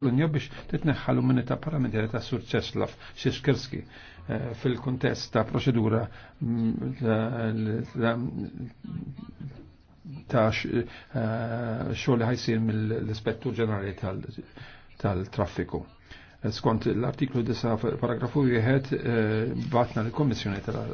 l-Unja biex titneħħal ta' parlamentari ta' Sur Ceslav Xiskirski eh, fil-kontest ta' proċedura mm, ta' eh, xoħli ħajsir mill-Ispettur Ġenerali tal-Traffiku. Eh, skont l-artiklu 9 paragrafu jħed batna l komissjoni tal